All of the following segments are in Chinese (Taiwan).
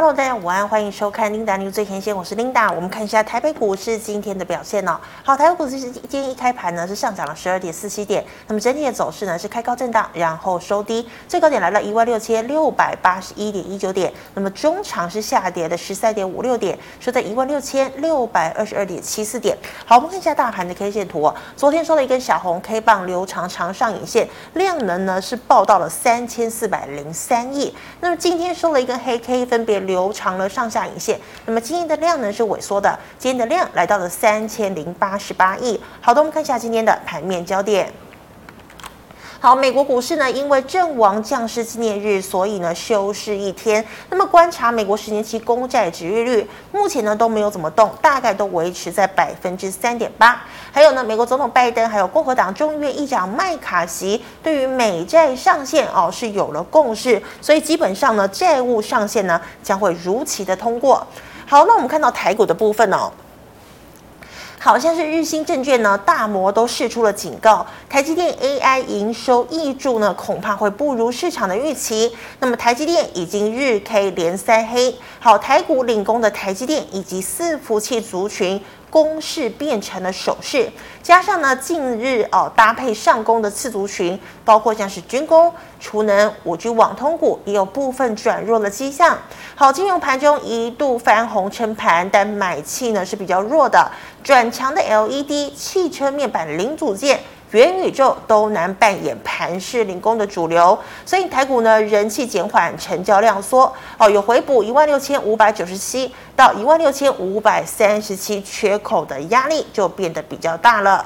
Hello，大家午安，歡迎收看 Linda News 最錢線，我是 Linda。我們看一下台北股市今天的表現哦。好，台北股市是今天一開盤呢是上漲了十二點四七點，那麼整體的走勢呢是開高震盪，然後收低，最高點來到一萬六千六百八十一點一九點，那麼終場是下跌的十三點五六點，收在一萬六千六百二十二點七四點。好，我們看一下大盤的 K 線圖，哦，昨天收了一根小紅 K 棒，留長長上影線，量能呢是爆到了三千四百零三億。那麼今天收了一根黑 K，分別。留長了上下影線，那麼今天的量呢是萎縮的，今天的量來到了三千零八十八億。好的，我們看一下今天的盤面焦點。好，美國股市呢，因為陣亡將士紀念日，所以呢，休市一天。那麼，觀察美國十年期公債殖利率，目前呢都沒有怎麼動，大概都維持在百分之三點八。還有呢，美國總統拜登還有共和黨眾議院議長麥卡錫，對於美債上限哦是有了共識，所以基本上呢，債務上限呢將會如期的通過。好，那我們看到台股的部分哦。好像是日興證券呢，大摩都釋出了警告，台積電 AI 營收挹注呢，恐怕會不如市場的預期。那麼台積電已經日 K 連三黑，好，台股領攻的台積電以及伺服器族群。攻勢變成了守勢，加上呢，近日哦搭配上攻的次族群，包括像是軍工、儲能、五 G、網通股，也有部分轉弱的跡象。好，金融盤中一度翻紅撐盤，但買氣呢是比較弱的，轉強的 LED、汽車面板零組件。元宇宙都難扮演盤勢領攻的主流，所以台股呢人氣減緩，成交量縮，哦、有回補一萬六千五百九十七到一萬六千五百三十七缺口的壓力就變得比較大了。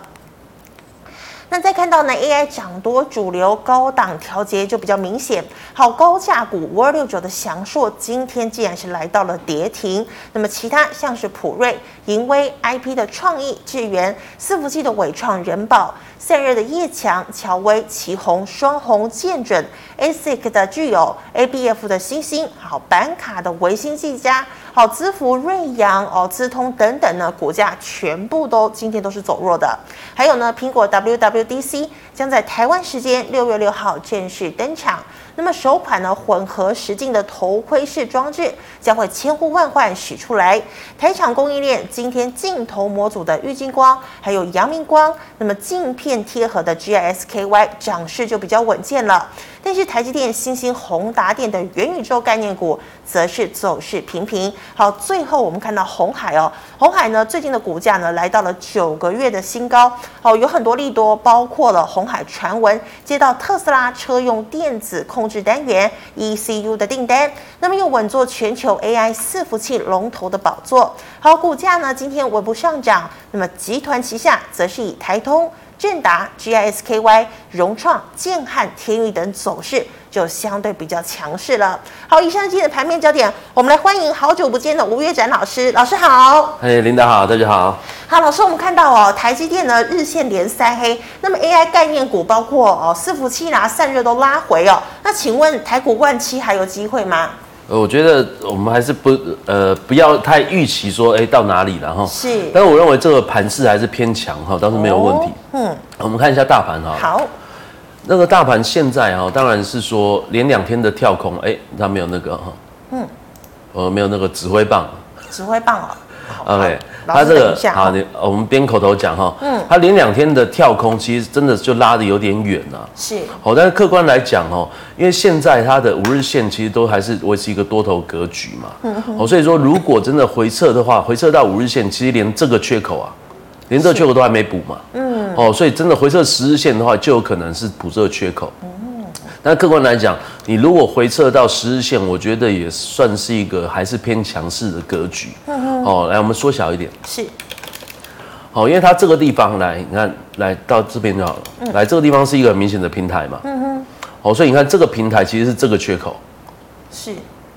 那再看到呢 AI 漲多主流高檔調節就比較明顯，好、哦、高價股五二六九的祥碩今天竟然是來到了跌停，那麼其他像是普瑞、盈威、IP 的創意、智原、伺服器的緯創、仁寶。散熱的葉強、喬威、奇鋐、雙鴻、建準，ASIC 的具有，ABF 的欣興，好，板卡的微星、技嘉，好，資福、瑞陽、哦，資通等等呢，股價全部都今天都是走弱的。還有呢，蘋果 WWDC 將在台灣時間六月六號正式登場。那麼首款呢混合實境，的頭盔式裝置將會千呼萬喚始出來。台廠供應鏈今天鏡頭模組的玉晶光還有揚明光，那麼鏡片貼合的 GIS-KY 漲勢，就比較穩健了。但是台積電、欣興宏達電的元宇宙概念股則是走勢平平。好，最後我們看到鴻海哦，鴻海呢，最近的股價呢來到了九個月的新高。好，有很多利多，包括了鴻海傳聞接到特斯拉車用電子控制單元 ECU 的訂單，那麼又穩坐全球 AI 伺服器龍頭的寶座。好，股價呢今天穩步上漲，那麼集團旗下則是以台通。正達、G I S K Y、榮創、建漢、天域等走勢就相對比較強勢了。好，以上是今天的盤面焦點，我們來歡迎好久不見的吳岳展老師，老師好。哎，Linda 好，大家好。好，老師，我們看到哦，台積電呢日線連三黑，那麼 AI 概念股，包括哦伺服器、拿散熱都拉回哦，那請問台股萬七還有機會嗎？呃，我覺得我們還是不呃不要太預期說，哎、欸，到哪裡了哈？是。但是我認為這個盤勢還是偏強哈，倒是沒有問題、哦。嗯，我們看一下大盤哈。好，那個大盤現在哈，當然是說連兩天的跳空，哎、欸，它沒有那個哈。嗯。呃，沒有那個指揮棒。指揮棒啊、哦。OK，它這個你、啊、我們邊口頭講哈。嗯，它連兩天的跳空，其實真的就拉得有點遠了、啊。是，好，但是客觀來講哦，因為現在它的五日線其實都還是維持一個多頭格局嘛。嗯嗯。哦，所以說如果真的回撤的話，回撤到五日線，其實連這個缺口啊，連這個缺口都還沒補嘛。嗯。哦，所以真的回撤十日線的話，就有可能是補這個缺口。但客觀來講，你如果回撤到十日線，我覺得也算是一個還是偏強勢的格局。呵呵。哦，來我們縮小一點。是。好、哦，因為它這個地方來，你看來到這邊就好了。嗯。來，這個地方是一個很明顯的平台嘛。嗯哼。哦，所以你看這個平台其實是這個缺口。是。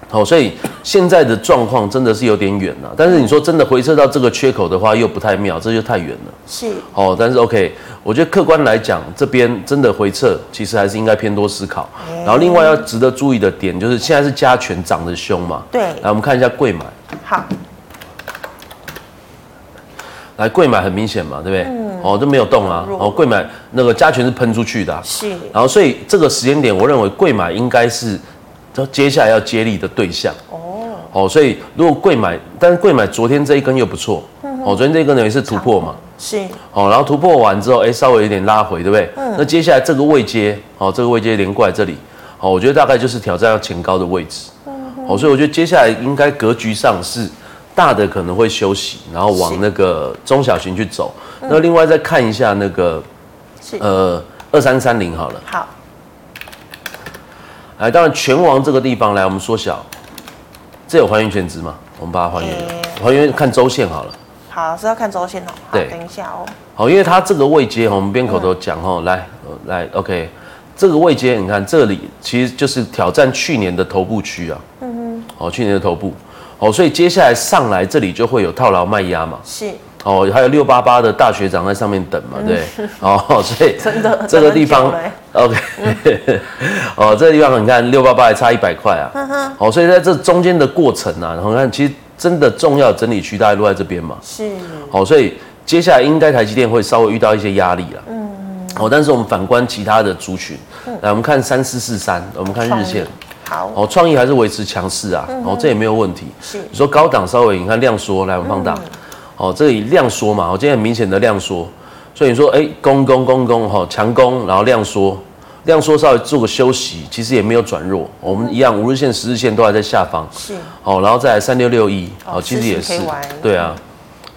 好、哦，所以現在的狀況真的是有點遠了、啊。但是你說真的回撤到這個缺口的話，又不太妙，這就太遠了。是。哦，但是 OK，我覺得客觀來講，這邊真的回撤其實還是應該偏多思考、欸。然後另外要值得注意的點就是，現在是加權漲得凶嘛。對。來，我們看一下櫃買。好。來，櫃買很明顯嘛，對不對、嗯？哦，都沒有動啊。哦，櫃買那個加權是噴出去的、啊。是。然後所以這個時間點，我認為櫃買應該是。接下來要接力的對象、oh. 哦，所以如果櫃買，但是櫃買昨天這一根又不錯，哦，昨天這一根呢也是突破嘛，是，好、哦，然後突破完之後，哎、欸，稍微有點拉回，對不對？嗯，那接下來這個位階，哦，這個位階連過來這裡，哦，我覺得大概就是挑戰要前高的位置，嗯，好、哦，所以我覺得接下來應該格局上是大的可能會休息，然後往那個中小型去走，那另外再看一下那個，嗯、呃，二三三零好了，好。哎，當然，拳王這個地方來，我們縮小，這有還原權值嗎？我們把它還原、欸，還原看週線好了。好是要看週線好，對，等一下哦。好，因為它這個位階，我們邊口都講哦、嗯。來，來，OK，這個位階，你看這裡其實就是挑戰去年的頭部區啊。嗯哼，好，去年的頭部。好，所以接下來上來這裡就會有套牢賣壓嘛。是。哦，還有六八八的大學長在上面等嘛？對，嗯、哦，所以真的，真的這個地方、欸，OK，嗯、哦，這個地方你看六八八還差一百塊啊，好、嗯，哦，所以在這中間的過程啊，然後你看其實真的重要的整理區大概落在這邊嘛，是，好、哦，所以接下來應該台積電會稍微遇到一些壓力了，嗯、哦，但是我們反觀其他的族群，嗯、來，我們看三四四三，我們看日線，好、哦，創意還是維持強勢啊、嗯，哦，這也沒有問題，是，你說高檔稍微，你看量縮，來，我們放大。嗯哦，這裡量縮嘛，我今天很明顯的量縮，所以你說，哎、欸，攻攻攻攻哈，哦，強攻，然後量縮，量縮稍微做個休息，其實也沒有轉弱、嗯，我們一樣五日線、十日線都還在下方，是，然後，哦，再來三六六一，哦，其實也是，對啊，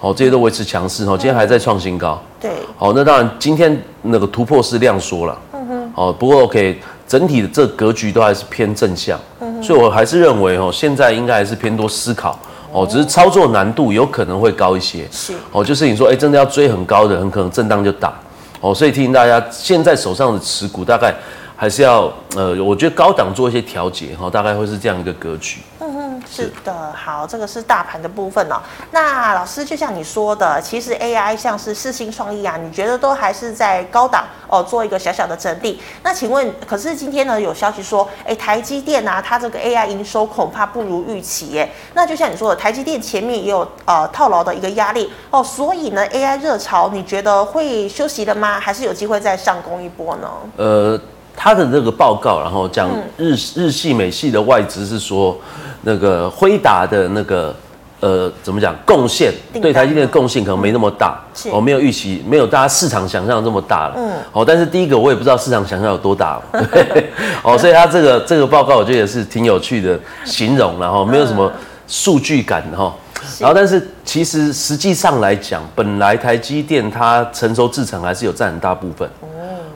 哦，這些都維持強勢，哦、嗯，今天還在創新高，對，好、哦，那當然今天那個突破是量縮了，嗯哼，哦，不過 OK，整體的這格局都還是偏正向，嗯、所以我還是認為，哦，現在應該還是偏多思考。哦，只是操作難度有可能會高一些。是哦，就是你說，哎、欸，真的要追很高的，很可能震盪就打。哦，所以提醒大家，現在手上的持股大概還是要，呃，我覺得高檔做一些調節哈，大概會是這樣一個格局。嗯嗯。是的，好，這個是大盤的部分哦。那老師，就像你說的，其實 AI 像是世芯、創意啊，你覺得都還是在高檔哦，做一個小小的整理。那請問，可是今天呢，有消息說，誒、哎，台積電啊，它這個 AI 營收恐怕不如預期耶。那就像你說的，台積電前面也有呃套牢的一個壓力哦，所以呢，AI 熱潮，你覺得會休息了嗎？還是有機會再上攻一波呢？呃。他的那個報告，然後講日日系、美系的外資是說，嗯、那個輝達的那個呃，怎麼講，貢獻對台積電的貢獻可能沒那麼大，我、嗯喔、沒有預期，沒有大家市場想象這麼大了。嗯、喔，但是第一個我也不知道市場想象有多大了。對、哦、嗯喔，所以他這個這個報告我覺得也是挺有趣的形容，然後沒有什麼數據感哈、嗯。然後但是其實實際上來講，本來台積電它成熟制程還是有占很大部分。嗯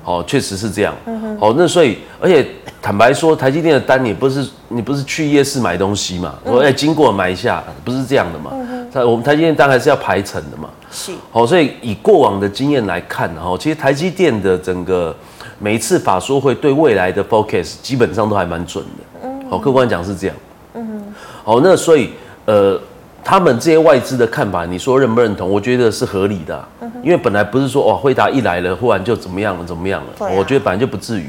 哦，確實是這樣、嗯。哦，那所以，而且坦白說，台積電的單，你不是你不是去夜市買東西嘛？我、嗯、哎，經過買一下，不是這樣的嘛？嗯、我們台積電單還是要排程的嘛。是。好、哦，所以以過往的經驗來看，然、哦、其實台積電的整個每一次法說會對未來的 focus 基本上都還蠻準的。嗯。好、哦，客觀講是這樣。嗯。好、哦，那所以呃。他們這些外資的看法，你說認不認同？我覺得是合理的、啊嗯，因為本來不是說哦，輝達一來了，忽然就怎麼樣了怎麼樣了、啊喔。我覺得本來就不至於。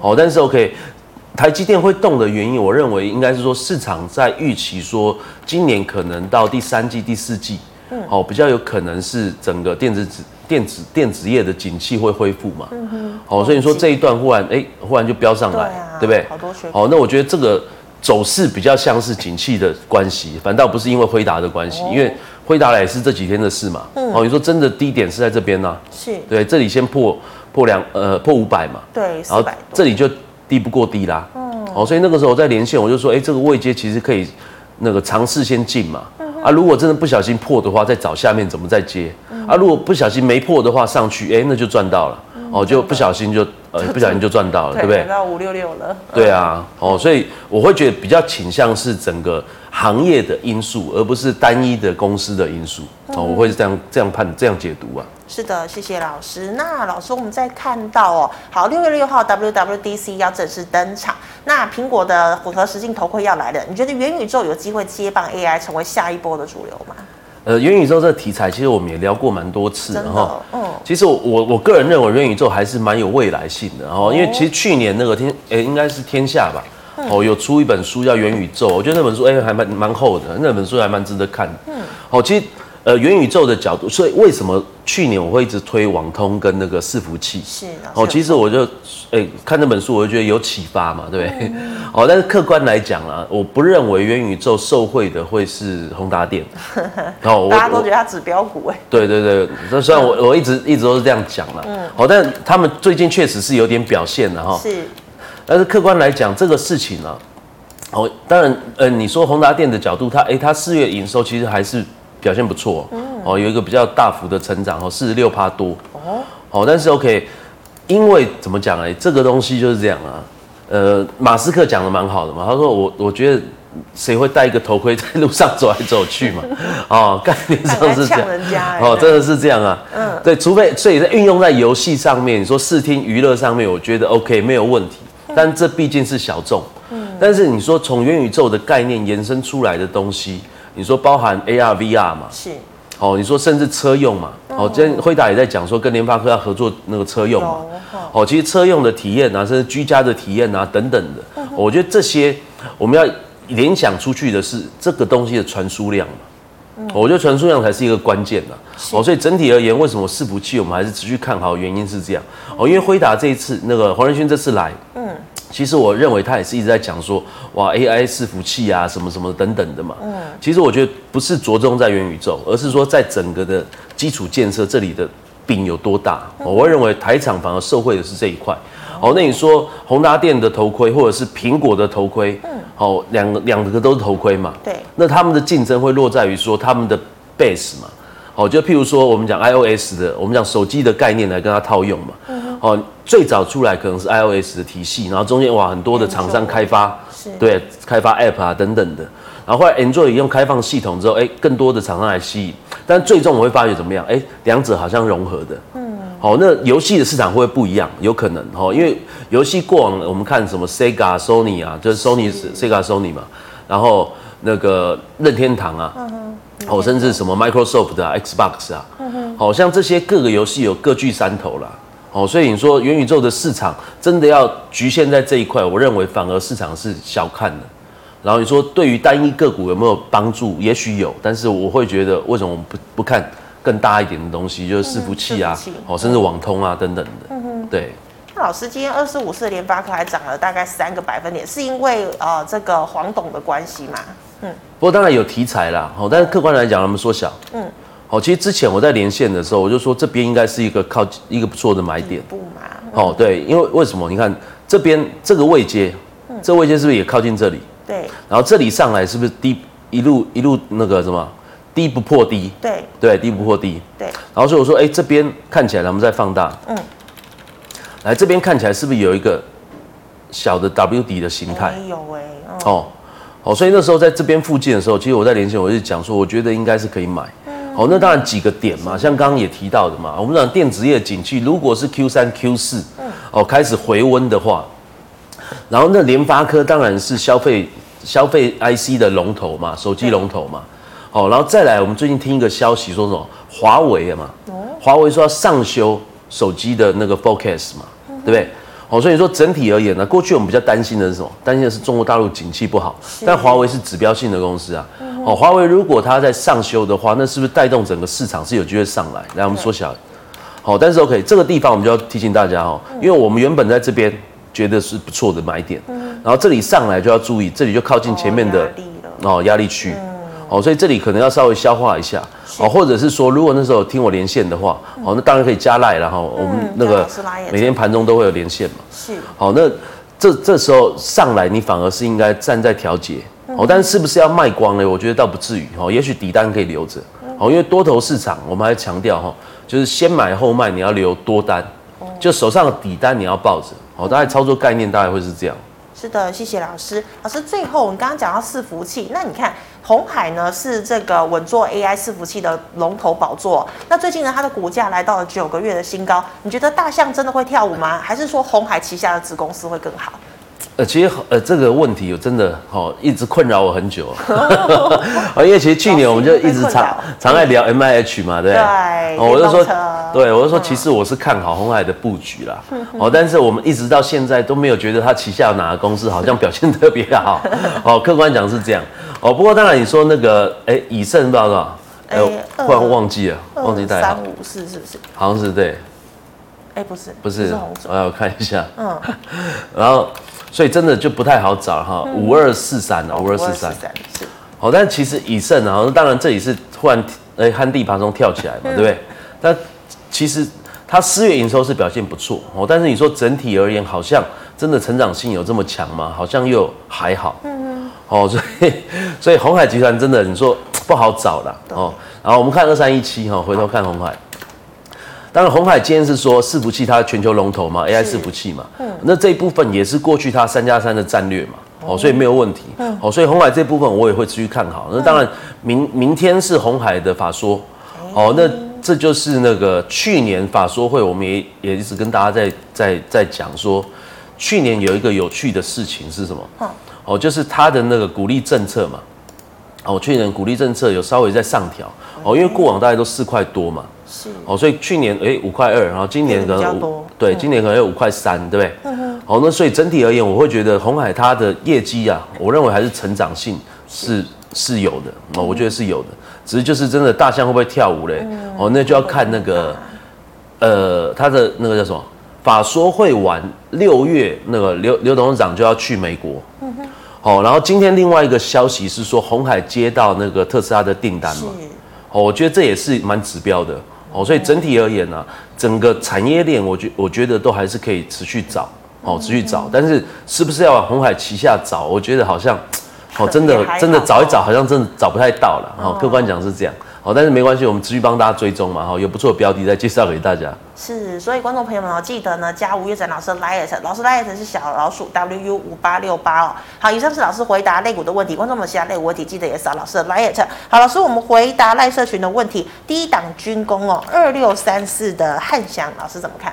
哦、嗯喔，但是 OK，台積電會動的原因，我認為應該是說市場在預期說今年可能到第三季、第四季，哦、嗯喔，比較有可能是整個電子，子、電子、電子業的景氣會恢復嘛。哦、嗯喔，所以你說這一段忽然哎、嗯欸，忽然就飆上來對、啊，對不對？好多學。哦、喔，那我覺得這個。走勢比較像是景氣的關係，反倒不是因為輝達的關係，因為輝達也是這幾天的事嘛。哦、嗯，你說真的低點是在這邊呢、啊？是，對，這裡先破破兩呃破五百嘛。對，然後這裡就低不過低啦。哦、嗯，所以那個時候我在連線，我就說，哎、欸，這個位階其實可以那個嘗試先進嘛。嗯、啊，如果真的不小心破的話，再找下面怎麼再接。嗯、啊，如果不小心沒破的話，上去，哎、欸，那就賺到了。哦，就不小心就呃，不小心就賺到了對，對不對？到五六六了。對啊、嗯，哦，所以我會覺得比較傾向是整個行業的因素，而不是單一的公司的因素。嗯、哦，我會是這樣這樣判這樣解讀啊。是的，謝謝老師。那老師，我們再看到哦，好，六月六號 WWDC 要正式登場，那蘋果的混合實境頭盔要來了。你覺得元宇宙有機會接棒 AI 成為下一波的主流嗎？呃，元宇宙這個題材其實我們也聊過蠻多次的哈、哦嗯。其實我我，我個人認為元宇宙還是蠻有未來性的哈，因為其實去年那個天，哎、欸，應該是天下吧，哦、嗯喔，有出一本書叫《元宇宙》，我覺得那本書哎、欸、還蠻蠻厚的，那本書還蠻值得看的嗯，好、喔，其實。呃，元宇宙的角度，所以為什麼去年我會一直推網通跟那個伺服器？是，的是的哦，其實我就哎、欸、看那本書，我就覺得有啟發嘛，對不對、嗯？哦，但是客觀來講啊，我不認為元宇宙受惠的會是宏達電。呵呵哦，大家都覺得它指標股哎、欸。對對對，那雖然我、嗯、我一直一直都是這樣講了、啊，嗯，好、哦，但他們最近確實是有點表現的、啊、哈、哦。是，但是客觀來講，這個事情呢、啊，哦，當然，呃，你說宏達電的角度，它哎、欸，它四月營收其實還是。表現不錯、嗯，哦，有一個比較大幅的成長，哦，四十六趴多，哦，好、哦，但是 OK，因為怎麼講哎，這個東西就是這樣啊，呃，馬斯克講的蠻好的嘛，他說我我覺得誰會戴一個頭盔在路上走來走去嘛， 哦，概念上是這樣，哦，真的是這樣啊，嗯，對，除非，所以在運用在遊戲上面，你說視聽娛樂上面，我覺得 OK 沒有問題，但這畢竟是小眾，嗯，但是你說從元宇宙的概念延伸出來的東西。你說包含 AR VR 嘛，是，哦，你說甚至車用嘛，嗯、哦，今天輝達也在講說跟聯發科要合作那個車用嘛，嗯、哦，其實車用的體驗啊，甚至居家的體驗啊，等等的、嗯，我覺得這些我們要聯想出去的是這個東西的傳輸量嘛、嗯，我覺得傳輸量才是一個關鍵的，哦，所以整體而言，為什麼伺服器我們還是持續看好，原因是這樣，哦、嗯，因為輝達這一次那個黃仁勳這次來。其實我認為他也是一直在講說，哇，AI 伺服器啊，什麼什麼等等的嘛。嗯，其實我覺得不是着重在元宇宙，而是說在整個的基礎建設這裡的餅有多大。嗯、我會認為台廠反而受惠的是這一塊、嗯。哦，那你說宏達電的頭盔或者是蘋果的頭盔，嗯，好、哦，兩個兩個都是頭盔嘛。對。那他們的競爭會落在於說他們的 base 嘛。好、哦，就譬如說我們講 iOS 的，我們講手機的概念來跟他套用嘛。嗯哦、最早出來可能是 iOS 的體系，然後中間哇很多的廠商開發，Android，對，開發 App 啊等等的，然後後來 Android 用開放系統之後，哎、欸，更多的廠商來吸引，但最終我會發覺怎麼樣？哎、欸，兩者好像融合的。嗯，好、哦，那遊戲的市場會不，會不一樣？有可能、哦、因為遊戲過往我們看什麼 Sega、Sony 啊，就是 Sony 是、Sega、Sony 嘛，然後那個任天堂啊，嗯哦嗯、甚至什麼 Microsoft 的、啊、Xbox 啊，好、嗯哦、像這些各個遊戲有各據山頭啦。哦，所以你說元宇宙的市場真的要局限在這一塊，我認為反而市場是小看的。然後你說對於單一個股有沒有幫助？也許有，但是我會覺得為什麼不不看更大一點的東西，就是伺服器啊，哦、甚至網通啊等等的。對。那、嗯、老師今天二四五四聯發科還漲了大概三個百分點，是因為呃這個黃董的關係嗎？嗯。不過當然有題材啦，哦、但是客觀來講，他們縮小。嗯。哦，其實之前我在連線的時候，我就說這邊應該是一個靠一個不錯的買點。底部嘛、嗯。哦，對，因為為什麼？你看這邊這個位階、嗯，這位階是不是也靠近這裡？嗯、對。然後這裡上來是不是低一路一路那個什麼低不破低？對。對，低不破低。對。然後所以我說，哎，這邊看起來咱們再放大。嗯。來這邊看起來是不是有一個小的 W 底的形態？哎有哎、欸嗯。哦。哦，所以那時候在這邊附近的時候，其實我在連線，我就講說，我覺得應該是可以買。哦，那當然幾個點嘛，像剛剛也提到的嘛，我們講電子業景氣，如果是 Q 三、Q 四，哦，開始回溫的話，然後那聯發科當然是消費消費 I C 的龍頭嘛，手機龍頭嘛，好、哦，然後再來，我們最近聽一個消息說什麼，華為嘛，華為說要上修手機的那個 focus 嘛，對不對？哦，所以說整體而言呢、啊，過去我們比較擔心的是什麼？擔心的是中國大陸景氣不好，但華為是指標性的公司啊。哦，華為如果它在上修的話，那是不是帶動整個市場是有機會上來？來，我們縮小。好、哦，但是 OK，這個地方我們就要提醒大家哦，因為我們原本在這邊覺得是不錯的買點、嗯，然後這裡上來就要注意，這裡就靠近前面的壓力了哦，壓力區哦、嗯、哦，所以這裡可能要稍微消化一下哦，或者是說，如果那時候聽我連線的話、嗯、哦，那當然可以加 LINE 啦，然後我們那個每天盤中都會有連線嘛，嗯、是。好、哦，那這這時候上來，你反而是應該站在調節。但是，是不是要賣光呢？我覺得倒不至於哈，也許底單可以留着。好，因為多頭市場，我們還強調哈，就是先買後賣，你要留多單，就手上的底單你要抱着。好，大概操作概念大概會是這樣。是的，謝謝老師。老師最後，我們剛剛講到伺服器，那你看鴻海呢是這個穩坐 AI 伺服器的龍頭寶座。那最近呢，它的股價來到了九個月的新高。你覺得大象真的會跳舞嗎？還是說鴻海旗下的子公司會更好？呃，其實呃這個問題有真的哦，一直困擾我很久哦。 因為其實去年我們就一直常常愛聊 M I H 嘛，對、啊對喔。對。我就說，我就說，其實我是看好鴻海的布局啦。哦、嗯喔，但是我們一直到現在都沒有覺得他旗下哪個公司好像表現特別好。哦、 喔，客觀講是這樣。哦、喔，不過當然你說那個，哎、欸，以勝多少？哎、欸，突然忘記了，A2，忘記帶了三五四是是，是？好像是對、欸。不是。不是。不是鴻海我看一下。嗯。然後。所以真的就不太好找哈，五二四三五二四三，好、嗯哦，但其實以盛啊，當然這裡是突然哎旱、欸、地拔蔥跳起來嘛，對不對？ 但其實它四月營收是表現不錯哦，但是你說整體而言，好像真的成長性有這麼強嗎？好像又還好。嗯,嗯、哦。所以所以鴻海集團真的你說不好找了哦。然後我們看二三一七哈，回頭看鴻海。當然，鴻海今天是說伺服器，它全球龍頭嘛，AI 伺服器嘛、嗯，那這一部分也是過去它三加三的戰略嘛哦，哦，所以沒有問題，嗯、哦，所以鴻海這部分我也會繼續看好。那當然明，明、嗯、明天是鴻海的法說，哦，那這就是那個去年法說會，我們也也一直跟大家在在在講說，去年有一個有趣的事情是什麼？哦，哦就是它的那個鼓勵政策嘛，哦，去年鼓勵政策有稍微在上調，哦，因為過往大概都四塊多嘛。是哦，所以去年哎五塊二，然後今年可能對、嗯，今年可能有五塊三，對不對？好、嗯哦，那所以整體而言，我會覺得鴻海它的業績啊，我認為還是成長性是是,是有的，哦，我覺得是有的。只是就是真的大象會不會跳舞嘞、嗯？哦，那就要看那個、嗯、呃，他的那個叫什麼法說會完六月那個劉、嗯、劉董事長就要去美國，好、嗯哦，然後今天另外一個消息是說鴻海接到那個特斯拉的訂單嘛，哦，我覺得這也是蠻指標的。哦，所以整體而言呢、啊，整個產業鏈，我覺我覺得都還是可以持續找，哦，持續找，但是是不是要往鴻海旗下找？我覺得好像，哦，真的真的找一找，好像真的找不太到了。哦，客觀講是這樣。好，但是沒關係，我們持續幫大家追蹤嘛，哈，有不錯的標題再介紹給大家。是，所以觀眾朋友們哦，記得呢，加吳岳展老師的 LINE，老師 LINE 是小老鼠 WU 五八六八哦。好，以上是老師回答類股的問題，觀眾們其他類股問題記得也找、哦、老師的 LINE。好，老師我們回答賴社群的問題，第一檔軍工哦，二六三四的漢翔，老師怎麼看？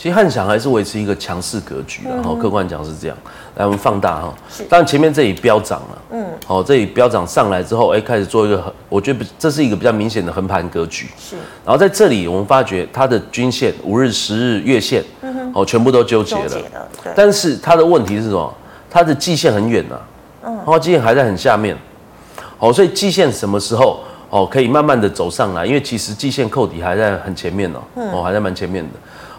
其實漢翔還是維持一個強勢格局的，然、嗯、後客觀講是這樣。來，我們放大哈，當然前面這裡飆漲了，嗯，好，這裡飆漲上來之後，哎，開始做一個，我覺得這是一個比較明顯的橫盤格局。是，然後在這裡我們發覺它的均線、五日、十日、月線，嗯哦，全部都糾結了，糾結了，對。但是它的問題是什麼？它的季線很遠啊，嗯，然後季線還在很下面，哦，所以季線什麼時候哦可以慢慢的走上來？因為其實季線扣底還在很前面哦，嗯、哦，還在蠻前面的。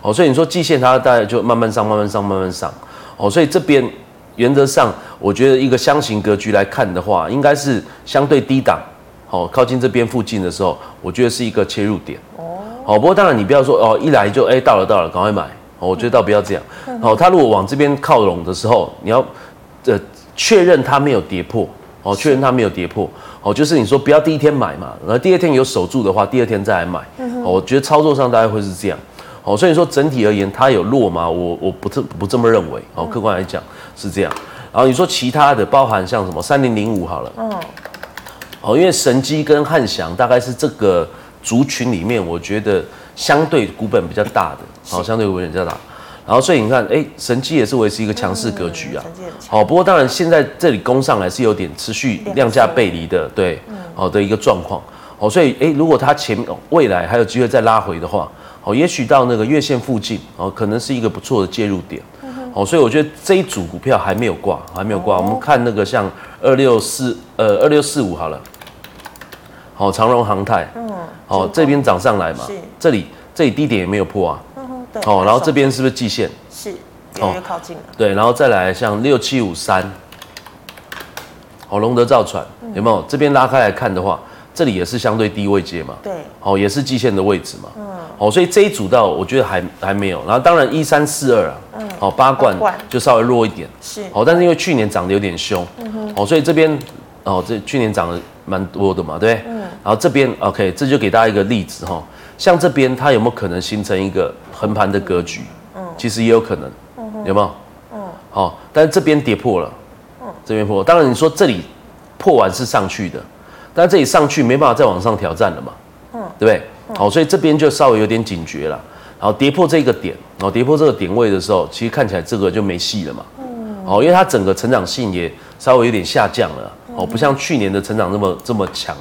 哦，所以你說季線它大概就慢慢上，慢慢上，慢慢上。哦，所以這邊原則上，我覺得一個箱型格局來看的話，應該是相對低檔、哦。靠近這邊附近的時候，我覺得是一個切入點。哦，好、哦，不過當然你不要說哦，一來就欸、到了、到了，趕快買、哦。我覺得倒不要這樣。哦、嗯，他如果往這邊靠攏的時候，你要呃確認它沒有跌破。哦，確認它沒有跌破。哦，就是你說不要第一天買嘛，然後第二天有守住的話，第二天再來買。嗯哦、我覺得操作上大概會是這樣。哦，所以你說整體而言，它有弱嗎？我我不不不這麼認為。哦，客觀來講是這樣。然後你說其他的，包含像什麼三零零五好了。嗯。哦，因為神基跟漢翔大概是這個族群裡面，我覺得相對股本比較大的，好，相對股本比較大。然後所以你看，哎，神基也是維持一個強勢格局啊。好、嗯，不過當然現在這裡攻上來是有點持續量價背離的，對，好、嗯、的一個狀況。哦，所以哎，如果它前未來還有機會再拉回的話。哦，也許到那個月線附近，哦，可能是一個不錯的介入點、嗯。哦，所以我覺得這一組股票還沒有掛，還沒有掛、嗯。我們看那個像二六四，呃，二六四五好了。好、哦，長榮航太。嗯。好、哦，這邊漲上來嘛。這裡，這裡低點也沒有破啊。哦、嗯，對。哦，然後這邊是不是季線、嗯？是。哦，靠近了、哦。對，然後再來像六七五三。哦，龍德造船、嗯、有沒有？這邊拉開來看的話。這裡也是相對低位階嘛，對，哦，也是季線的位置嘛，嗯，哦，所以這一組到我覺得還還沒有，然後當然一三四二啊、嗯，哦，八貫就稍微弱一點，是，哦，但是因為去年漲得有點兇、嗯哼，哦，所以這邊哦，這去年漲得蠻多的嘛，對嗯，然後這邊 OK，這就給大家一個例子哈、哦，像這邊它有沒有可能形成一個橫盤的格局嗯？嗯，其實也有可能，嗯、有沒有？嗯，好、哦，但是這邊跌破了，嗯、這邊破，當然你說這裡破完是上去的。但這裡上去沒辦法再往上挑戰了嘛，嗯，對不對？好、嗯哦，所以這邊就稍微有點警覺了。然後跌破這個點，然、哦、後跌破這個點位的時候，其實看起來這個就沒戲了嘛。嗯、哦，因為它整個成長性也稍微有點下降了。嗯、哦，不像去年的成長那麼、嗯、這麼強、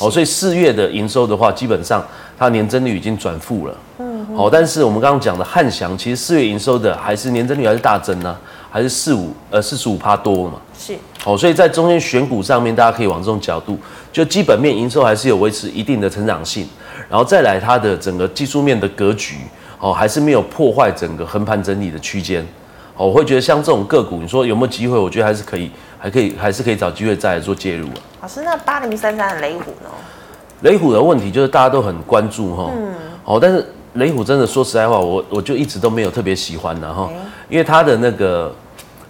哦。所以四月的營收的話，基本上它年增率已經轉負了。嗯，好、嗯哦，但是我們剛剛講的漢翔，其實四月營收的還是年增率還是大增啊，還是四五呃四十五趴多嘛。是。好、哦，所以在中間選股上面，大家可以往這種角度。就基本面營收還是有維持一定的成長性，然後再來它的整個技術面的格局，哦，還是沒有破壞整個橫盤整理的區間，哦，我會覺得像這種個股，你說有沒有機會？我覺得還是可以，還可以，還是可以找機會再來做介入啊。老師，那八零三三的雷虎呢？雷虎的問題就是大家都很關注哈，哦、嗯，但是雷虎真的說實在話，我我就一直都沒有特別喜歡的哈、哦，因為它的那個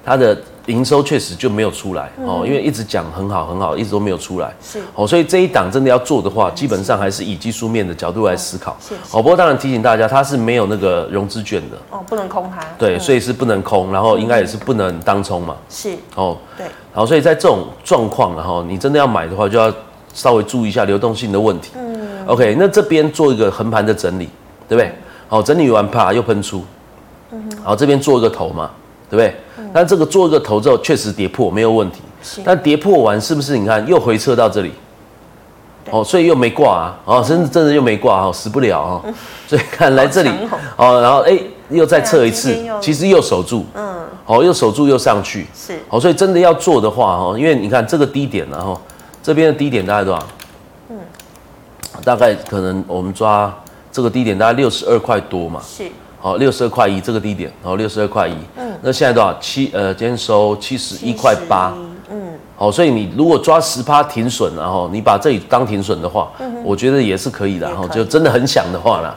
它的。營收確實就沒有出來哦、嗯，因為一直講很好很好，一直都沒有出來。是哦，所以這一檔真的要做的話，基本上還是以技術面的角度來思考。是哦，不過當然提醒大家，它是沒有那個融資券的哦，不能空它。對、嗯，所以是不能空，然後應該也是不能當衝嘛。是哦，對。然後所以在這種狀況，然後你真的要買的話，就要稍微注意一下流動性的問題。嗯。OK，那這邊做一個橫盤的整理，對不對？好，整理完啪又噴出，嗯哼，然後這邊做一個頭嘛。對不對？嗯，但這個做一個頭之後確實跌破沒有問題。但跌破完是不是？你看又回撤到這裡，哦，所以又沒掛啊，哦，甚至真的又沒掛啊，死不了啊。嗯。所以看來這裡哦，然後哎，又再測一次，其實又守住。嗯。哦，又守住又上去。是。哦，所以真的要做的話哦，因為你看這個低點啊，哦，然後這邊的低點大概多少？嗯。大概可能我們抓這個低點大概六十二塊多嘛。是。哦，六十二塊一，這個低點，哦，六十二塊一。嗯，那現在多少？七呃，今天收七十一塊八。71, 嗯，好、哦，所以你如果抓十趴停損，啊，然、哦、後你把這裡當停損的話，嗯，我覺得也是可以的。然後就真的很想的話了。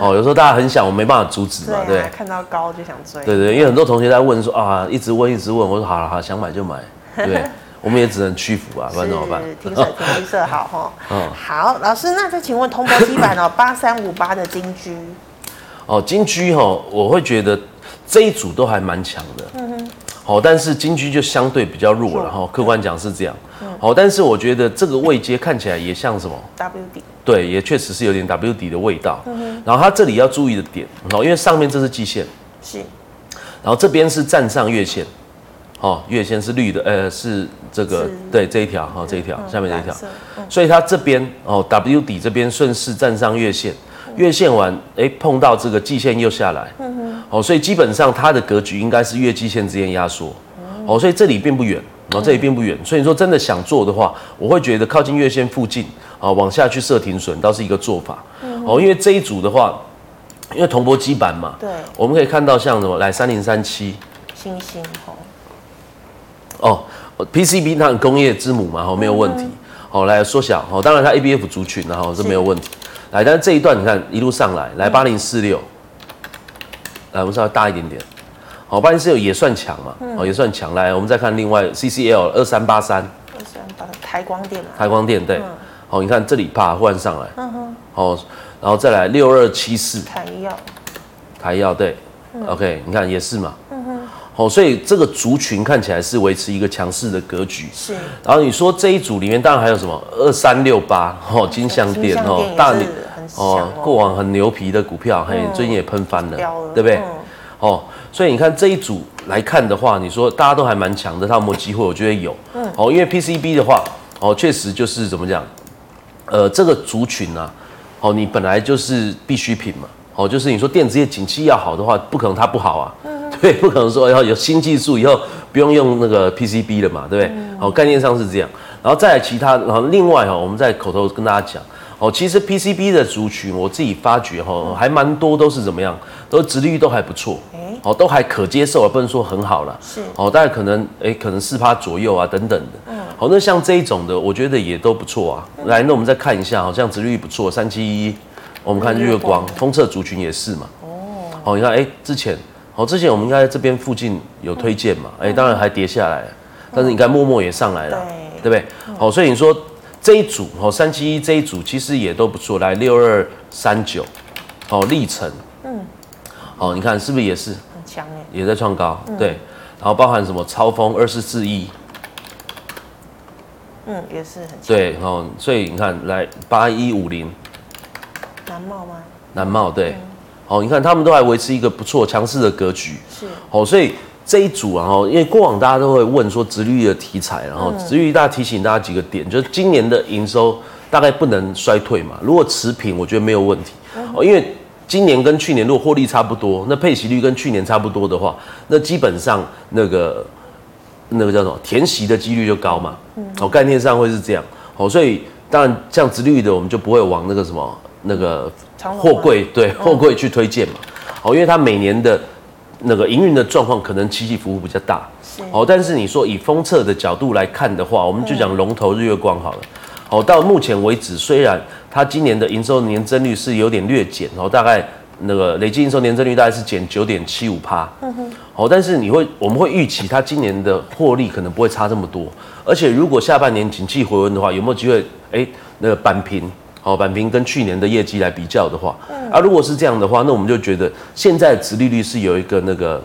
哦，有時候大家很想，我沒辦法阻止嘛，對，對看到高就想追。對，對對，因為很多同學在問說啊，一直問一直問，我說好了好，好，好，想買就買。對， 我們也只能屈服啊，不然怎麼辦？停損停損好哦，哦，哦，好，老師，那再請問銅箔基板哦，八三五八的金居。哦，金居哈，我會覺得這一組都還蠻強的。嗯嗯。好，但是金居就相對比較弱了哈、嗯。客觀講是這樣。好、嗯，但是我覺得這個位階看起來也像什麼？W 底、嗯。對，也確實是有點 W 底的味道。嗯哼。然後它這裡要注意的點，哦，因為上面這是季線。是。然後這邊是站上月線。哦，月線是綠的，呃，是這個是對這一條，哦這一條、嗯，下面這一條、嗯嗯。所以它這邊哦，W 底這邊順勢站上月線。月線完，哎，欸，碰到這個季線又下來，嗯哦，所以基本上它的格局應該是月季線之間壓縮，哦，所以這裡並不遠，哦，這裡並不遠，嗯，所以你說真的想做的話，我會覺得靠近月線附近啊，哦，往下去設停損倒是一個做法，嗯，哦，因為這一組的話，因為銅箔基板嘛，對，我們可以看到像什麼來三零三七，欣興哦，哦，PCB 那工業之母嘛，哦，沒有問題，好，嗯哦，來縮小，哦，當然它 ABF 族群，啊，然後是沒有問題。來，但是這一段你看一路上來，來八零四六，來我們稍微大一點點，好，八零四六也算強嘛，好、嗯、也算強。來，我們再看另外 CCL 二三八三，二三八台光電，台光電對、嗯，好，你看這裡啪忽然上來，嗯哼，好，然後再來六二七四，台燿，台燿對、嗯、，OK，你看也是嘛。哦，所以這個族群看起來是維持一個強勢的格局。是，然後你說這一組裡面，當然還有什麼二三六八，2368, 哦，金像電。哦、啊，大牛，哦，過往很牛皮的股票，嘿嗯、最近也噴翻了，了對不對、嗯？哦，所以你看這一組來看的話，你說大家都還蠻強的，他有沒有機會？我覺得有。嗯。哦，因為 PCB 的話，哦，確實就是怎麼講，呃，這個族群啊，哦，你本來就是必需品嘛，哦，就是你說電子業景氣要好的話，不可能它不好啊。嗯對，不可能說要有新技術以後不用用那個 PCB 了嘛，對不對？嗯哦、概念上是這樣，然後再來其他，然後另外哈、哦，我們在口頭跟大家講，哦，其實 PCB 的族群，我自己發覺哈、哦嗯，還蠻多都是怎麼樣，都殖率都還不錯、欸，哦，都還可接受，不能說很好了，是，哦，大概可能哎，可能四趴左右啊，等等的，嗯，好，那像這一種的，我覺得也都不錯啊。嗯、來，那我們再看一下，好像殖率不錯，三七一，我們看日月光封、嗯、測族群也是嘛，哦，哦，你看，哎，之前。好，之前我們應該在這邊附近有推薦嘛？哎、嗯欸，當然還跌下來，嗯，但是應該默默也上來了，對不對？好、嗯喔，所以你說這一組，好、喔，三七一這一組其實也都不錯。來六二三九，好、喔，力成，嗯，好、喔，你看是不是也是很強哎？也在創高、嗯，對。然後包含什麼超豐二四四一，嗯，也是很強。對，然、喔、所以你看來八一五零，南茂嗎？南茂對。嗯好、哦，你看他們都還維持一個不錯強勢的格局，是、哦，所以這一組啊，哈，因為過往大家都會問說殖利率的題材，然後殖利率大家提醒大家幾個點，嗯、就是今年的營收大概不能衰退嘛，如果持平，我覺得沒有問題、嗯，哦，因為今年跟去年如果獲利差不多，那配息率跟去年差不多的話，那基本上那個那個叫什麼填息的幾率就高嘛、嗯，哦，概念上會是這樣，哦、所以當然像殖利率的，我們就不會往那個什麼那個。貨櫃對貨櫃去推薦嘛？哦、嗯，因為它每年的那個營運的狀況可能起起伏伏比較大。哦，但是你說以封測的角度來看的話，我們就講龍頭日月光好了。好、嗯，到目前為止，雖然它今年的營收年增率是有點略減哦，大概那個累計營收年增率大概是減九點七五趴。嗯哼。但是你會我們會預期它今年的獲利可能不會差這麼多，而且如果下半年景氣回溫的話，有沒有機會哎那個扳平？哦，板平跟去年的業績來比較的話，嗯、啊，如果是這樣的話，那我們就覺得現在殖利率是有一個那個，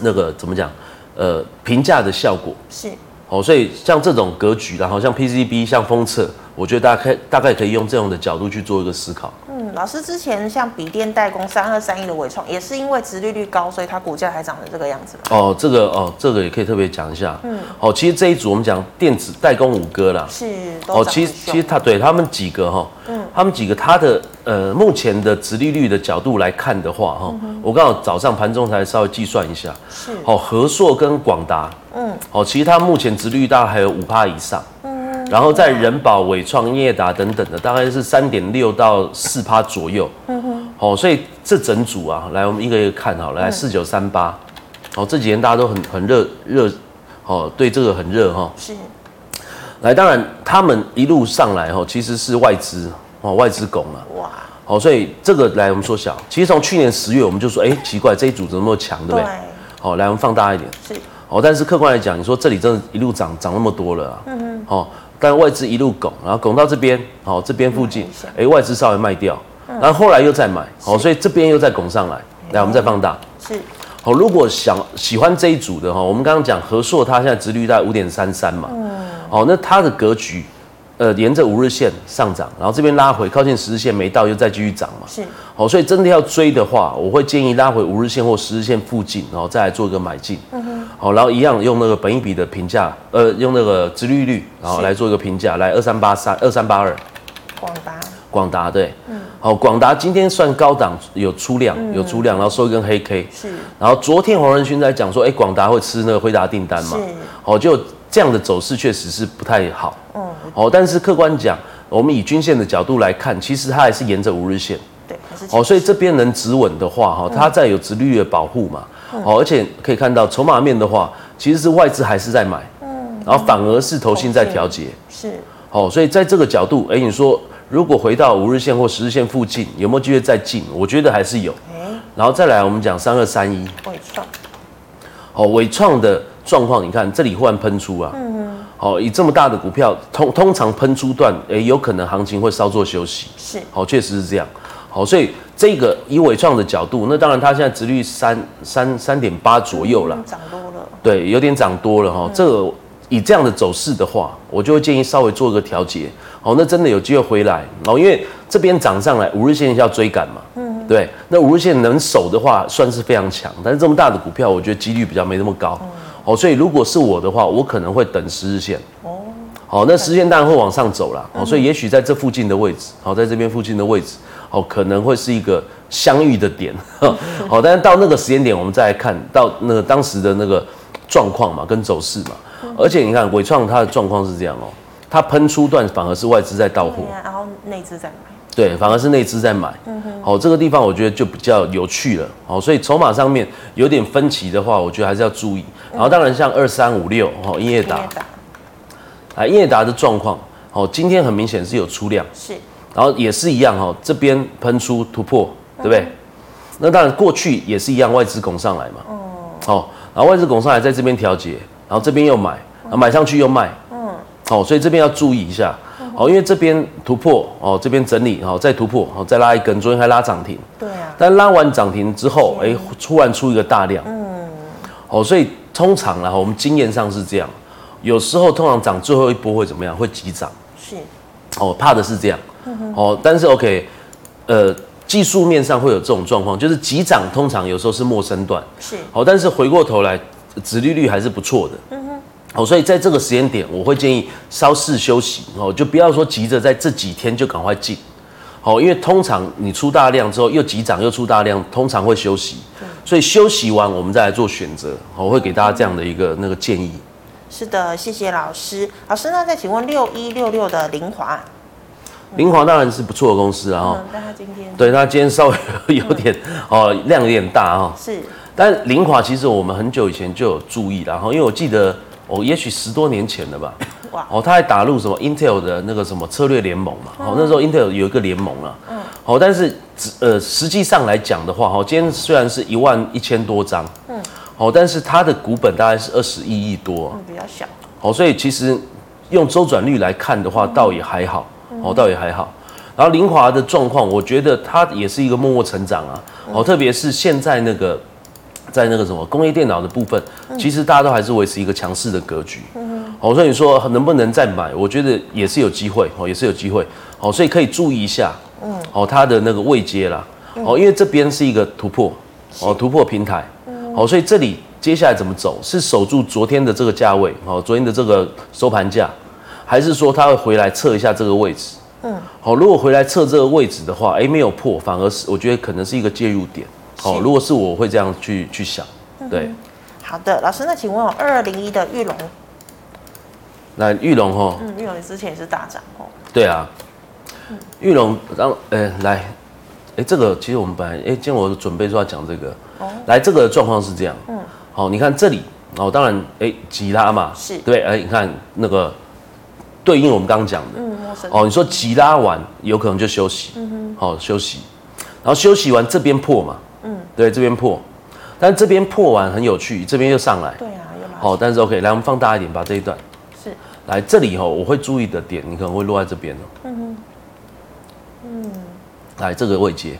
那個怎麼講，呃，評價的效果是，哦，所以像這種格局，然後像 PCB，像封測。我覺得大概大概可以用這樣的角度去做一個思考。嗯，老師之前像筆電代工三二三一的緯創，也是因為殖利率高，所以它股價還漲成這個樣子哦，這個哦，這個也可以特別講一下。嗯，哦，其實這一組我們講電子代工五哥啦。是都。哦，其實其實他對他們幾個哈、哦，嗯，他們幾個他的呃，目前的殖利率的角度來看的話哈、哦嗯，我剛好早上盤中才稍微計算一下，是。哦，和碩跟廣達，嗯，哦，其實它目前殖利率大概還有五趴以上。嗯然後在仁寶、緯創、英業達等等的，大概是三點六到四趴左右。嗯哼。好，所以這整組啊，來我們一個一個看好。來，四九三八。好、哦，這幾天大家都很很熱熱，哦，對這個很熱哈、哦。是。來，當然他們一路上來吼，其實是外資哦，外資拱了。哇。好、哦，所以這個來我們縮小。其實從去年十月我們就說，哎、欸，奇怪，這一組怎麼那麼強，對不對？對。好、哦，來我們放大一點。是。哦，但是客觀來講，你說這裡真的一路漲漲那麼多了啊。嗯 哼、哦。好。但外資一路拱，然後拱到這邊，好、喔，這邊附近，哎、嗯欸，外資稍微賣掉、嗯，然後後來又再買，好、喔，所以這邊又再拱上來、嗯。來，我們再放大。是，好、喔，如果想喜歡這一組的哈、喔，我們剛剛講和碩，它現在殖利率大概五點三三嘛，嗯，喔、那它的格局，呃，沿着五日線上漲，然後這邊拉回靠近十日線沒到，又再繼續漲嘛，是，好、喔，所以真的要追的話，我會建議拉回五日線或十日線附近，然後再來做一個買進。嗯好，然後一樣用那個本益比的評價，呃，用那個殖利率，然後來做一個評價，來二三八三二三八二，廣達，廣達對，嗯，好、哦，廣達今天算高檔，有出量、嗯，有出量，然後收一根黑 K，是，然後昨天黃仁勳在講說，哎，廣達會吃那個輝達訂單嘛，是，好、哦，就這樣的走勢確實是不太好，嗯，好、哦，但是客觀講，我們以均線的角度來看，其實它還是沿着五日線，對，好、哦，所以這邊能止穩的話，哈、哦，它在有殖利率的保護嘛。嗯哦，而且可以看到籌碼面的話，其實是外資還是在買，嗯，然後反而是投信在調節，是。Okay。哦，所以在這個角度，哎，你說如果回到五日線或十日線附近，有沒有機會再進？我覺得還是有。Okay. 然後再來我們講三二三一。緯創。哦，緯創的狀況，你看這裡忽然噴出啊，嗯。哦，以這麼大的股票，通通常噴出段，哎，有可能行情會稍作休息。是。哦，確實是這樣。好，所以這個以緯創的角度，那當然它現在殖利率三三三點八左右了，漲、嗯嗯、多了，對，有點漲多了哈、嗯。這個、以這樣的走勢的話，我就會建議稍微做一個調節。好，那真的有機會回來，然、喔、後因為這邊漲上來，五日線要追趕嘛，嗯，對。那五日線能守的話，算是非常強，但是這麼大的股票，我覺得幾率比較沒那麼高。哦、嗯喔，所以如果是我的話，我可能會等十日線。哦，好，那十日線當然會往上走了，好、喔，所以也許在這附近的位置，好、嗯喔，在這邊附近的位置。哦，可能會是一個相遇的點，好，但是到那個時間點，我們再來看到那個當時的那個狀況嘛，跟走勢嘛、嗯。而且你看緯創它的狀況是這樣哦，它噴出段反而是外資在倒貨、啊、然後內資在買。對，反而是內資在買。嗯哼。好、哦，這個地方我覺得就比較有趣了。好、哦，所以籌碼上面有點分歧的話，我覺得還是要注意。然後當然像二三五六，好，英業達，啊，英業達的狀況，好、哦，今天很明顯是有出量。是。然後也是一樣哈，這邊噴出突破，對不對、嗯？那當然過去也是一樣，外資拱上來嘛。哦、嗯。然後外資拱上來，在這邊調節，然後這邊又買，啊買上去又賣。嗯。好、哦，所以這邊要注意一下。哦、嗯，因為這邊突破，哦這邊整理，哦再突破，哦再拉一根，昨天還拉漲停。對啊。但拉完漲停之後，哎，突然出一個大量。嗯。好、哦、所以通常啦，我們經驗上是這樣，有時候通常漲最後一波會怎麼樣？會急漲。是。哦、喔，怕的是這樣。哦、喔，但是 OK，呃，技術面上會有這種狀況，就是急漲通常有時候是末升段。是。喔、但是回過頭來，殖利率還是不錯的。嗯、喔、所以在這個時間點，我會建議稍事休息。哦、喔，就不要說急着在這幾天就趕快進、喔。因為通常你出大量之後又急漲又出大量，通常會休息。對。所以休息完我們再來做選擇、喔。我會給大家這樣的一個那個建議。是的，謝謝老師。老師，那再請問六一六六的凌華，凌華當然是不錯的公司啊、哦。哈、嗯，但他今天對他今天稍微有點、嗯、哦量有點大啊、哦。是，但凌華其實我們很久以前就有注意了哈，因為我記得哦，也許十多年前了吧。哇，哦，他還打入什麼 Intel 的那個什麼策略聯盟嘛。嗯、哦，那時候 Intel 有一個聯盟啊。嗯。哦，但是呃，實際上來講的話，哈、哦，今天雖然是一萬一千多張。嗯。哦，但是它的股本大概是二十一億多、啊嗯，比較小。哦，所以其實用周轉率來看的話，嗯、倒也還好、嗯，哦，倒也還好。然後凌華的狀況，我覺得它也是一個默默成長啊，嗯、哦，特別是現在那個在那個什麼工業電腦的部分、嗯，其實大家都還是維持一個強勢的格局，嗯，好、哦，所以你說能不能再買，我覺得也是有機會，哦，也是有機會，哦，所以可以注意一下，嗯，哦，它的那個位階啦、嗯，哦，因為這邊是一個突破，哦，突破平台。好，所以這裡接下來怎麼走？是守住昨天的這個價位，好，昨天的這個收盤價，還是說他會回來測一下這個位置？嗯，好，如果回來測這個位置的話，哎，沒有破，反而是我覺得可能是一個介入點。好，如果是我會這樣去去想。對、嗯，好的，老師，那請問我二二零一的裕隆？來，裕隆哈、哦，嗯，裕隆之前也是大漲哦。對啊，裕、嗯、隆，然後，哎，來，哎，這個其實我們本來，哎，今天我準備說要講這個。來，這個狀況是這樣。嗯，好、哦，你看這裡，然、哦、當然，哎，急拉嘛，是對不對？哎，你看那個對應我們剛剛講的，嗯、哦，你說急拉完有可能就休息，嗯哼，好、哦、休息，然後休息完這邊破嘛，嗯，對，這邊破，但這邊破完很有趣，這邊又上來，對啊，好、哦，但是 OK，來我們放大一點吧，把這一段是來這裡哦，我會注意的點，你可能會落在這邊哦，嗯哼，嗯，來這個位階。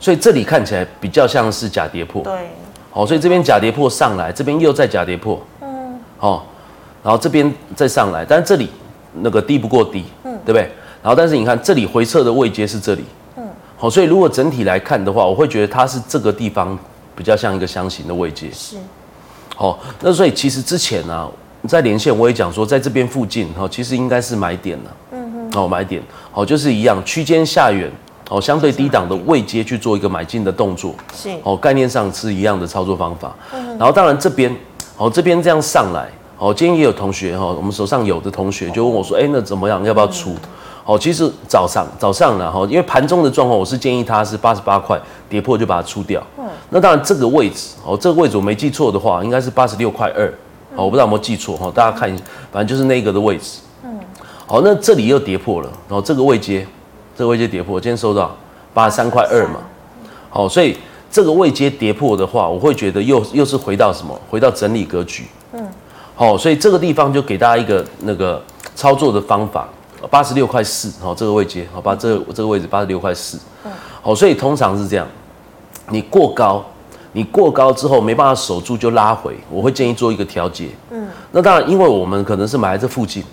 所以這裡看起來比較像是假跌破，對，好、哦，所以這邊假跌破上來，這邊又再假跌破，嗯，好、哦，然後這邊再上來，但是這裡那個低不過低，嗯，對不對？然後但是你看這裡回撤的位階是這裡，嗯，好、哦，所以如果整體來看的話，我會覺得它是這個地方比較像一個箱型的位階，是，好、哦，那所以其實之前呢、啊，在連線我也講說，在這邊附近，然、哦、其實應該是買點了，嗯好、哦、買點，好、哦、就是一樣區間下緣。哦，相對低檔的位階去做一個買進的動作，是哦，概念上是一樣的操作方法。嗯，然後當然這邊，哦這邊這樣上來，哦今天也有同學哈、哦，我們手上有的同學就問我說，哎那怎麼樣，要不要出？嗯、哦其實早上早上然後、哦、因為盤中的狀況，我是建議他是八十八塊跌破就把它出掉。嗯，那當然這個位置哦這個位置我沒記錯的話，應該是八十六塊二、哦，我不知道有沒有記錯哈、哦，大家看一下，反正就是那個的位置。嗯，好、哦、那這裡又跌破了，然、哦、後這個位階。這個位階跌破，我今天收到八十三塊二嘛，好、嗯哦，所以這個位階跌破的話，我會覺得又又是回到什麼？回到整理格局，嗯，好、哦，所以這個地方就給大家一個那個操作的方法，八十六塊四，好，這個位階，好、哦，把這個、這個位置八十六塊四，嗯，好、哦，所以通常是這樣，你過高，你過高之後沒辦法守住就拉回，我會建議做一個調節，嗯，那當然，因為我們可能是買在這附近，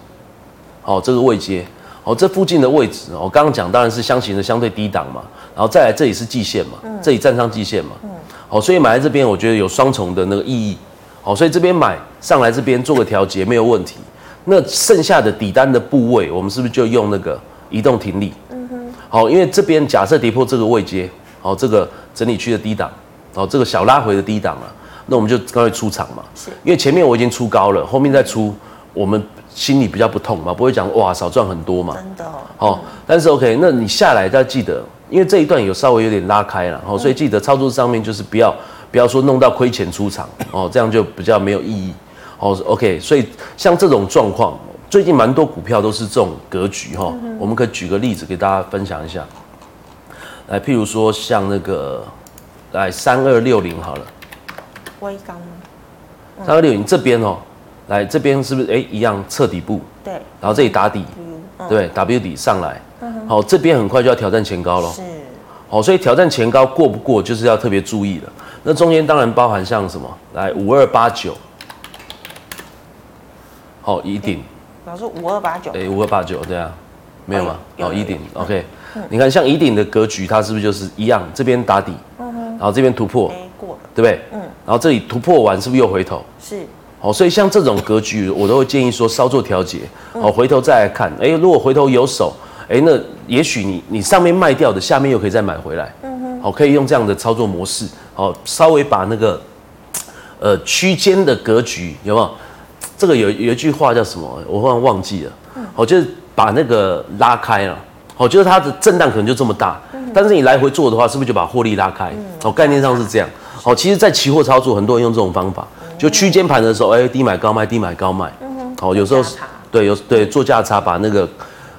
好、哦，這個位階。哦，這附近的位置，我、哦、剛剛講當然是箱型的相對低檔嘛，然後再來這裡是季線嘛，這裡站上季線嘛，嗯，好、嗯哦，所以買在這邊，我覺得有雙重的那個意義，好、哦，所以這邊買上來這邊做個調節沒有問題，那剩下的底單的部位，我們是不是就用那個移動停利？嗯哼，好、哦，因為這邊假設跌破這個位階，好、哦，這個整理區的低檔，好、哦，這個小拉回的低檔啊，那我們就趕快出場嘛，是，因為前面我已經出高了，後面再出、嗯、我們。心裡比較不痛嘛，不會講哇少賺很多嘛，真的、哦嗯。但是 OK，那你下來大家記得，因為這一段有稍微有點拉開了、哦嗯，所以記得操作上面就是不要不要說弄到虧錢出場，哦，這樣就比較沒有意義，哦，OK。所以像這種狀況，最近蠻多股票都是這種格局哈、哦嗯。我們可以舉個例子給大家分享一下，來，譬如說像那個來三二六零好了，威剛，三二六零這邊哦。來這邊是不是哎、欸、一樣徹底部？對，然後這裡打底，嗯、對，W 底上來，好、嗯喔，這邊很快就要挑戰前高了。是，好、喔，所以挑戰前高過不過就是要特別注意的。那中間當然包含像什麼，來五二八九，好、嗯，宜、喔、鼎。老師五二八九。哎、欸，五二八九這樣，沒有嗎？哦、欸，宜鼎、oh,，OK、嗯。你看像宜鼎的格局，它是不是就是一樣？這邊打底、嗯，然後這邊突破，A、過對不對？嗯，然後這裡突破完是不是又回頭？是。哦，所以像這種格局，我都會建議說稍作調節，好，回頭再來看。欸，如果回頭有手，欸，那也許你你上面賣掉的，下面又可以再買回來。嗯哼。好，可以用這樣的操作模式。好，稍微把那個呃區間的格局有沒有？這個有有一句話叫什麼？我忽然忘記了。好，就是把那個拉開了。好，就是它的震盪可能就這麼大。但是你來回做的話，是不是就把獲利拉開？好，概念上是這樣。好，其實，在期貨操作，很多人用這種方法。就區間盤的時候，哎、欸，低買高賣，低買高賣，嗯哼，好、哦，有時候是，對，有對做價差，把那個，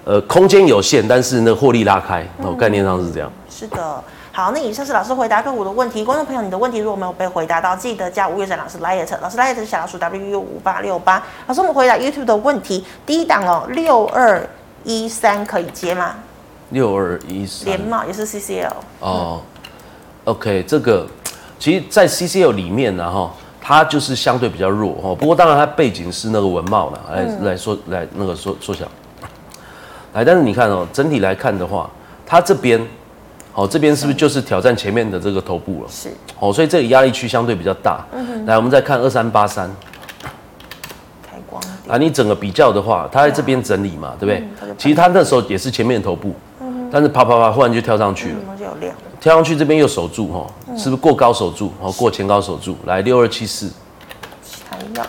呃，空間有限，但是那個獲利拉開、嗯，哦，概念上是這樣。是的，好，那以上是老師回答個股的問題，觀眾朋友，你的問題如果沒有被回答到，記得加吳岳展老師來也成，老師來也是小老鼠 WU 五八六八，老師我們回答 YouTube 的問題，第一檔哦，六二一三可以接嗎？六二一三聯茂？也是 CCL 哦、嗯、，OK，這個其實在 CCL 裡面呢、啊，哈。它就是相對比較弱哦，不過當然它背景是那個文貌的來、嗯、來,來說來那個縮縮小，來但是你看哦，整體來看的話，它這邊，哦這邊是不是就是挑戰前面的這個頭部了？是哦，所以這個壓力區相對比較大。嗯、來，我們再看二三八三，台光電啊，你整個比較的話，它在這邊整理嘛，對,、啊、對不對？嗯、其實它那時候也是前面的頭部。但是啪啪啪，忽然就跳上去了，嗯、了跳上去這邊又守住哈、哦嗯，是不是過高守住？好、哦，過前高守住，來六二七四，一樣，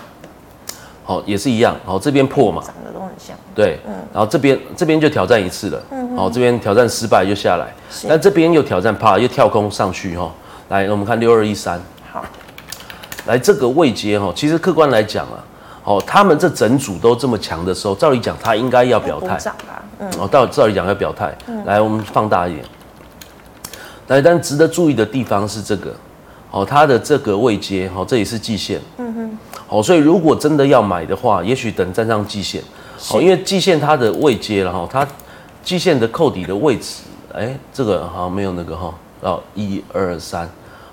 好、哦、也是一樣，好、哦、這邊破嘛、欸，長得都很像，對，嗯，然後這邊這邊就挑戰一次了，嗯，好、哦、這邊挑戰失敗又下來，那這邊又挑戰啪又跳空上去哈、哦，來我們看六二一三，好，來這個位階哈，其實客觀來講啊，哦他們這整組都這麼強的時候，照理講他應該要表態。嗯、哦，到這到你講要表態、嗯。來，我們放大一點。但但值得注意的地方是這個，哦，它的這個位階，哈、哦，這也是季線。嗯哼。哦，所以如果真的要買的話，也許等站上季線。好、哦，因為季線它的位階，然、哦、後它季線的扣底的位置，哎，這個好像、哦、沒有那個哈。哦，一二三。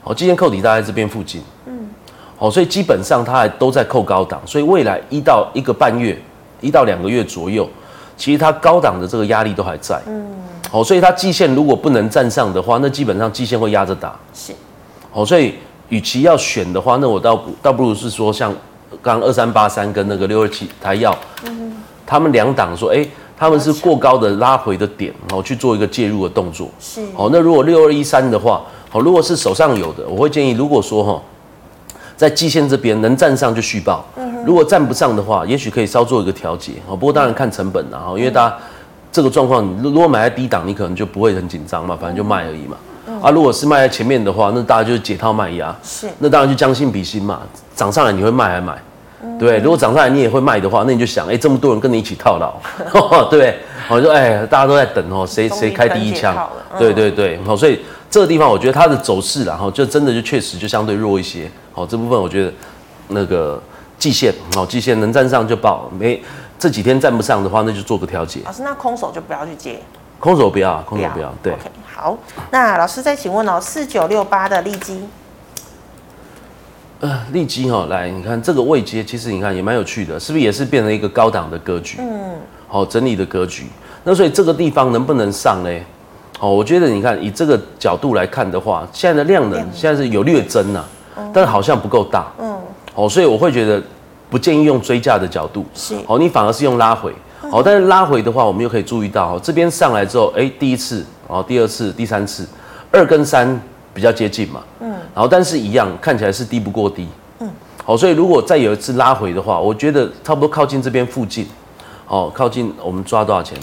哦，季線扣底大概在這邊附近。嗯。哦，所以基本上它還都在扣高檔，所以未來一到一個半月，一到兩個月左右。其實它高檔的這個壓力都還在，嗯，好、哦，所以它季線如果不能站上的話，那基本上季線會壓着打，是，好、哦，所以與其要選的話，那我倒不倒不如是說像剛剛二三八三跟那個六二七，台、嗯、要，他們兩檔說，哎、欸，他們是過高的拉回的點，哦，去做一個介入的動作，是，哦、那如果六二一三的話，好、哦，如果是手上有的，我會建議，如果說哈。哦在季線這邊能站上就續抱、嗯，如果站不上的話，也許可以稍做一個調節啊。不過當然看成本啦，因為大家這個狀況，如果買在低檔，你可能就不會很緊張嘛，反正就賣而已嘛，嗯。啊，如果是賣在前面的話，那大家就解套賣壓。是，那當然就將心比心嘛，漲上來你會賣還買？嗯，對，如果漲上來你也會賣的話，那你就想，哎、欸，這麼多人跟你一起套牢， 對不對，我就哎，大家都在等哦，誰誰開第一槍，嗯？對對對，好，所以。這個地方，我覺得它的走勢，然後就真的就確實就相對弱一些。好、哦，這部分我覺得那個季線，好季線能站上就爆，沒這幾天站不上的話，那就做個調節。老師，那空手就不要去接。空手不要，空手不要。不要對，okay. 好，那老師再請問哦，四九六八的立積，呃，立積哈，來，你看這個位階，其實你看也蠻有趣的，是不是也是變成一個高檔的格局？嗯，好、哦，整理的格局。那所以這個地方能不能上呢？哦，我覺得你看以這個角度來看的話，現在的量能現在是有略增吶、啊嗯，但好像不夠大，嗯，哦，所以我會覺得不建議用追價的角度，是，哦，你反而是用拉回，哦、嗯，但是拉回的話，我們又可以注意到，哦，這邊上來之後，哎、欸，第一次，哦，第二次，第三次，二跟三比較接近嘛，嗯，然後但是一樣看起來是低不過低，嗯，好，所以如果再有一次拉回的話，我覺得差不多靠近這邊附近，哦，靠近我們抓多少錢？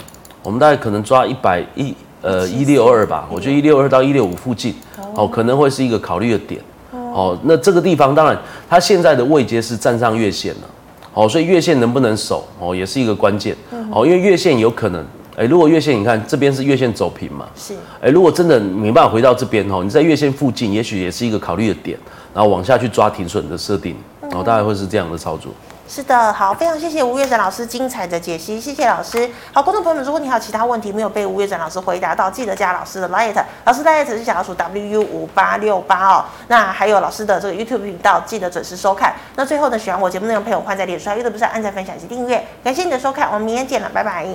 我們大概可能抓一百一。呃，一六二吧，我覺得一六二到一六五附近、嗯，哦，可能會是一個考慮的點、嗯，哦，那這個地方當然，它現在的位階是站上月線了、啊，哦，所以月線能不能守，哦，也是一個關鍵、嗯，哦，因為月線有可能，哎、欸，如果月線，你看這邊是月線走平嘛，是，哎、欸，如果真的沒辦法回到這邊，哦，你在月線附近，也許也是一個考慮的點，然後往下去抓停損的設定，哦，大概會是這樣的操作。是的，好，非常謝謝吳岳展老師精彩的解析，謝謝老師。好，觀眾朋友們，如果你還有其他問題沒有被吳岳展老師回答到，記得加老師的 LINE，老師 LINE 是小老鼠 WU 五八六八哦。那還有老師的這個 YouTube 頻道，記得準時收看。那最後呢，喜歡我節目內容的朋友，歡迎在臉書、YouTube 上按讚、分享及訂閱。感謝你的收看，我們明天見了，拜拜。